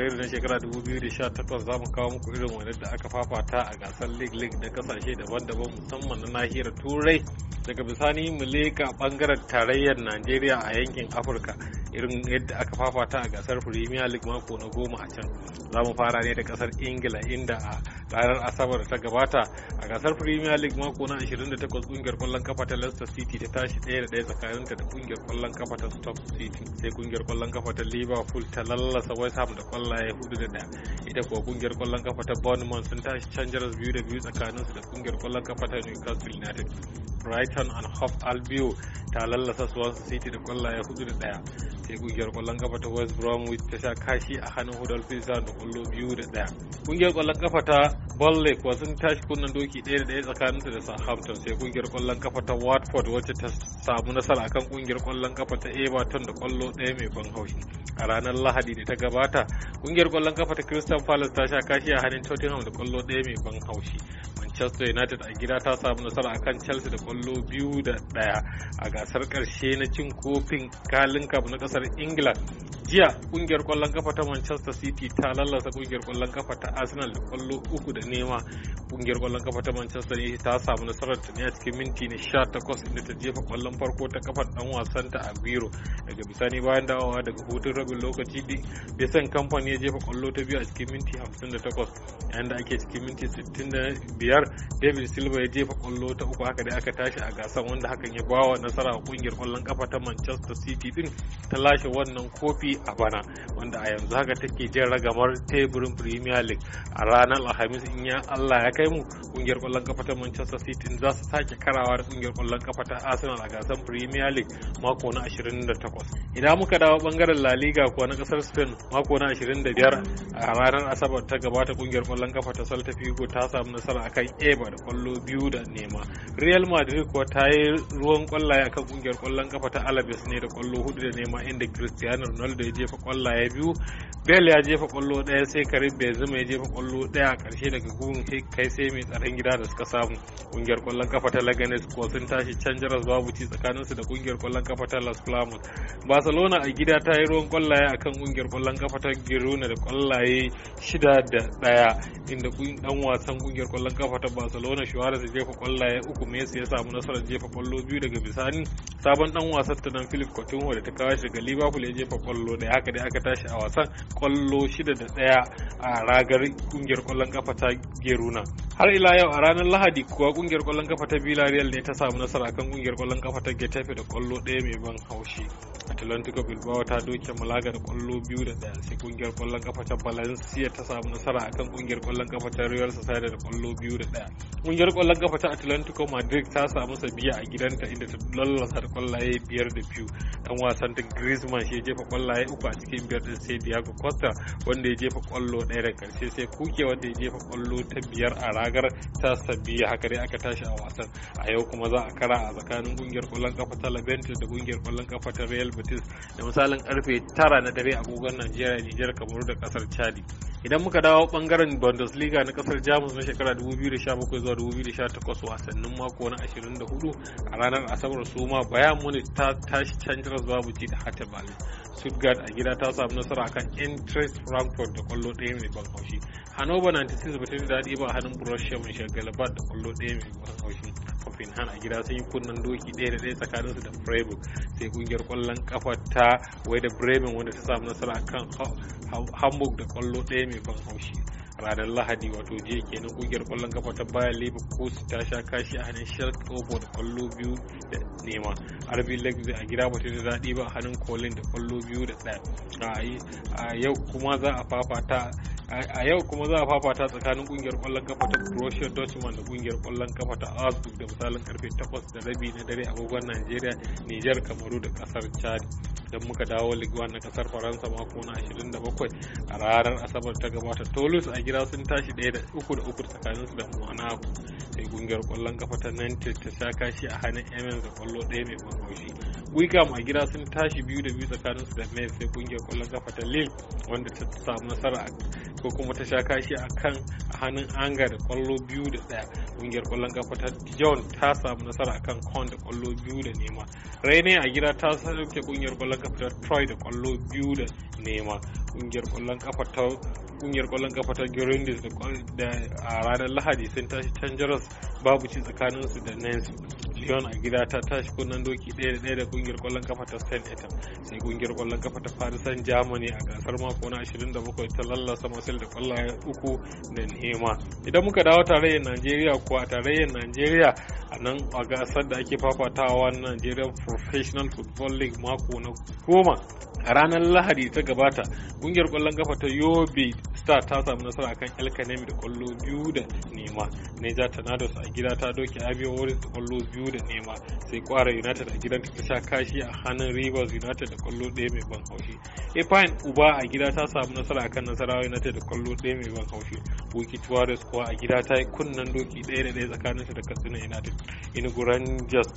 fabrairu na shekara 2018 za mu kawo muku irin wani da aka fafata a gasar league league na kasashe daban-daban musamman na nahiyar turai daga bisani mu leka bangaren tarayyar najeriya a yankin afirka irin yadda aka fafata a gasar premier league mako na goma a can za mu fara ne da kasar ingila inda a ranar asabar ta gabata a gasar premier league mako na 28 kungiyar kwallon kafa ta leicester city ta tashi ɗaya da ɗaya ta da kungiyar kwallon kafa ta stoke city sai kungiyar kwallon kafa ta liverpool ta lallasa west ham da kwallaye hudu da ɗaya ita kuwa kungiyar kwallon kafa ta bournemouth sun tashi canjaras biyu da biyu su da kungiyar kwallon kafa ta newcastle united brighton and hove albion ta lallasa swansea city da kwallaye hudu da ɗaya sai kungiyar kwallon kafa ta west bromwich ta sha kashi a hannun hudolphin sun da kwallo biyu da daya kungiyar kwallon kafa ta Burnley kuwa sun tashi kunnen doki ɗaya da ɗaya tsakaninta da Southampton sai kungiyar kwallon kafa ta Watford wacce ta samu nasara akan kungiyar kwallon kafa ta Everton da kwallo ɗaya mai ban haushi. A ranar Lahadi da ta gabata kungiyar kwallon kafa ta Crystal Palace ta sha kashi a hannun Tottenham da kwallo ɗaya mai ban haushi. Manchester United a gida ta samu nasara kan Chelsea da kwallo biyu da daya a gasar ƙarshe na cin kofin kalin na kasar England jiya kungiyar kwallon kafa ta manchester city ta lallasa kungiyar kwallon kafa ta arsenal da kwallo uku da nema kungiyar kwallon kafa ta manchester ne ta samu nasarar ta ne a cikin minti na 18 inda ta jefa kwallon farko ta kafa dan wasan ta biro daga bisani bayan dawowa daga hutun rabin lokaci bisan kamfani ya jefa kwallo ta biyu a cikin minti 58 yayin da ake cikin minti 65 david silva ya jefa kwallo ta uku haka dai aka tashi a gasar wanda hakan ya bawa nasara a kungiyar kwallon kafa ta manchester city din ta lashe wannan kofi a bana wanda a yanzu haka take jin ragamar teburin premier league a ranar alhamis in ya allah ya kai mu kungiyar kwallon kafa ta manchester city za su sake karawa da kungiyar kwallon kafa ta arsenal a gasar premier league mako na 28 idan muka dawo bangaren la liga kuwa na kasar spain mako na 25 a ranar asabar ta gabata kungiyar kwallon kafa ta salta figo ta samu nasara akan eba da kwallo biyu da nema real madrid kuwa ta yi ruwan kwallaye akan kungiyar kwallon kafa ta alabes ne da kwallo hudu da nema inda cristiano ronaldo ya jefa kwallaye biyu bel ya jefa kwallo daya sai karim zama ya jefa kwallo daya a karshe daga gugun sai kai sai mai tsaron gida da suka samu kungiyar kwallon kafa ta laganes ko sun tashi can jaras babu ci su da kungiyar kwallon kafa ta las palmas barcelona a gida ta yi ruwan kwallaye kan kungiyar kwallon kafa ta girona da kwallaye shida da daya inda dan wasan kungiyar kwallon kafa ta barcelona shuwara ya jefa kwallaye uku messi ya samu nasarar jefa kwallo biyu daga bisani sabon dan wasan ta nan philip coutinho da ta kawo shi daga liverpool ya jefa kwallo daya haka dai aka tashi a wasan kwallo shida da ɗaya a ragar kungiyar kwallon kafa ta geruna har ila yau a ranar lahadi kuwa kungiyar kwallon kafa ta villarreal ne ta samu nasara kan kungiyar kwallon kafa ta getafe da kwallo ɗaya mai ban haushi atlantico bilbao ta doke malaga da kwallo biyu da ɗaya sai kungiyar kwallon kafa ta valencia ta samu nasara akan kungiyar kwallon kafa ta real sociedad da kwallo biyu da ɗaya kungiyar kwallon kafa ta atlantico madrid ta samu sabiya a gidanta inda ta lallasa da kwallaye biyar da biyu dan wasan ta griezmann shi ya jefa kwallaye uku a cikin biyar din sai diego costa wanda ya jefa kwallo ɗaya da karshe sai kuke wanda ya jefa kwallo ta biyar a ragar ta sabiya haka dai aka tashi a wasan a yau kuma za a kara a tsakanin kungiyar kwallon kafa ta Leventil da kungiyar kwallon kafa ta Real Betis da misalin karfe 9 na dare agogon Najeriya Nijar Kamaru da kasar Chad idan muka dawo bangaren Bundesliga na kasar Jamus na shekara 2017 zuwa 2018 wasannin mako na 24 a ranar Asabar ma Bayern Munich ta tashi Rangers babu ci da Hatta Berlin stuttgart a gida ta samu nasara akan interest frankfurt da kwallo ɗaya mai ban haushi hannover 96 ba ta ji daɗi ba a hannun borussia mönchengladbach da kwallo daya mai ban haushi Hoffenheim a gida sun yi kunnen doki ɗaya da ɗaya tsakanin su da Freiburg sai kungiyar kwallon kafa ta wai da Bremen wanda ta samu nasara kan Hamburg da kwallo ɗaya mai ban haushi ranar lahadi wato jiya ke kenan kungiyar kwallon kafa ta bayan liverpool ta sha kashi a hannun sharkovo da kwallo biyu da nema rb leipzig a gida bata da daɗi ba a hannun kolin da kwallo biyu da ɗaya a yau kuma za a fafata a yau kuma za a fafata tsakanin kungiyar kwallon kafa ta Croatia Dortmund da kungiyar kwallon kafa ta Augsburg da misalin karfe 8 da rabi na dare a agogon Najeriya, niger Kamaru da kasar Chad. Idan muka dawo Ligue na kasar Faransa mako na 27 a ranar Asabar ta gabata Toulouse a gida sun tashi ɗaya da uku da uku tsakanin su da Monaco. Sai kungiyar kwallon kafa ta Nantes ta sha kashi a hannun Amiens da kwallo ɗaya mai ban wiga a gida sun tashi biyu da biyu tsakanin su da mai sai kungiyar kwallon kafa ta lille wanda ta samu nasara ko kuma ta sha kashi a kan hannun anga da kwallo biyu da daya kungiyar kwallon kafa ta dijon ta samu nasara a kan con da kwallo biyu da nema raine a gida ta sauke kungiyar kwallon kafa ta troy da kwallo biyu da nema kungiyar kwallon kafa ta kungiyar kwallon kafa ta girindis da a uh, ranar lahadi sun tashi can babu ci tsakanin su da nancy Lyon a gida ta tashi kunnen doki ɗaya da ɗaya da kungiyar kwallon kafa ta St. etam sai kungiyar kwallon kafa ta Paris Saint Germany a gasar mako na 27 ta lallasa Marseille da kwallaye uku da nema. Idan muka dawo tarayyar Najeriya a tarayyar Najeriya a nan a gasar da ake fafatawa na Nigerian Professional Football League mako na goma a ranar lahadi ta gabata kungiyar kwallon kafa ta yobe star ta samu nasara akan el kanemi da kwallo biyu da nema neja tornadoes a gida ta doke abin wurin da kwallo biyu da nema sai kwara united a gidan ta sha kashi a hannun rivers united da kwallo ɗaya mai ban haushi epain uba a gida ta samu nasara akan nasarawa united da kwallo ɗaya mai ban haushi wiki tuwares kuwa a gida ta yi kunnen doki ɗaya da ɗaya tsakanin ta da katsina united inugu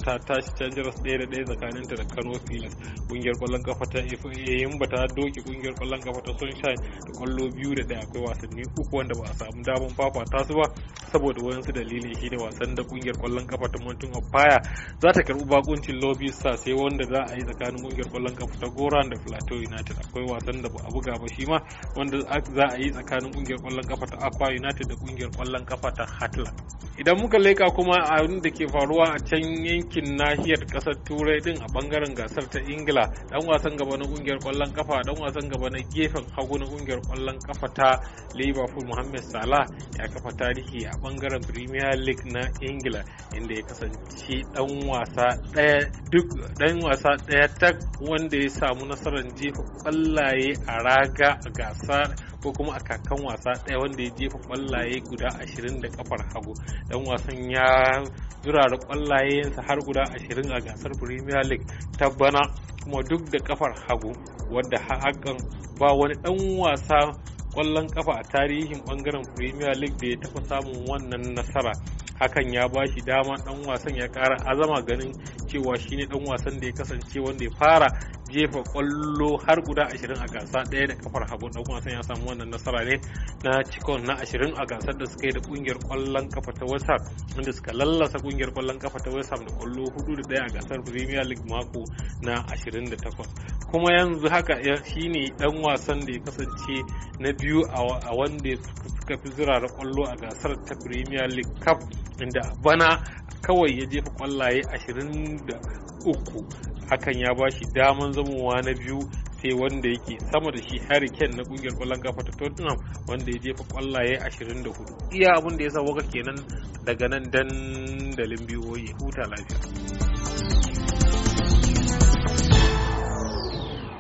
ta tashi changers ɗaya da ɗaya tsakanin ta da kano steelers kungiyar kwallon kafa ta yayin bata doke kungiyar kwallon kafa ta sunshine da kwallo biyu da daya akwai wasanni uku wanda ba a samu damar fafata su ba saboda wayansu dalili shine wasan da kungiyar kwallon kafa ta Mountain of Fire za ta karbi bakuncin Lobby Stars sai wanda za a yi tsakanin kungiyar kwallon kafa ta Goran da Plateau United akwai wasan da ba a buga ba shi ma wanda za a yi tsakanin kungiyar kwallon kafa ta Aqua United da kungiyar kwallon kafa ta Hatla idan muka leka kuma a da ke faruwa a can yankin nahiyar kasar turai din a bangaren gasar ta ingila dan wasan gaba na kungiyar kwallon kafa dan wasan gaba na gefen hagu na kungiyar kwallon kafa ta liverpool mohamed salah ya kafa tarihi a bangaren premier league na ingila inda ya kasance dan wasa daya duk wanda ya samu nasarar jefa kwallaye a raga a gasa ko kuma a kakan wasa ɗaya wanda ya jefa kwallaye guda ashirin da kafar hagu dan wasan ya zurara kwallayensa har guda ashirin a gasar premier league ta bana kuma duk da kafar hagu wadda hakan ba wani dan wasa kwallon kafa a tarihin bangaren premier league da ya tafi samun wannan nasara hakan ya ba shi dama dan wasan ya kara azama ganin cewa shine dan wasan da ya kasance wanda ya fara jefa kwallo har guda 20 a gasa ɗaya da kafar hagu dan kuma ya samu wannan nasara ne na cikon na 20 a gasar da suka yi da kungiyar kwallon kafa ta West Ham inda suka lallasa kungiyar kwallon kafa ta West Ham da kwallo 4 da 1 a gasar Premier League mako na 28 kuma yanzu haka shine dan wasan da ya kasance na biyu a wanda suka fi zirara kwallo a gasar ta Premier League Cup inda bana kawai ya jefa kwallaye 23 hakan ya ba shi daman zamowa na biyu sai wanda yake sama da shi Harry Kane na kungiyar kwallon kafa ta Tottenham wanda ya jefa kwallaye 24 iya abin da ya sa waka kenan daga nan dandalin biyoyi huta lafiya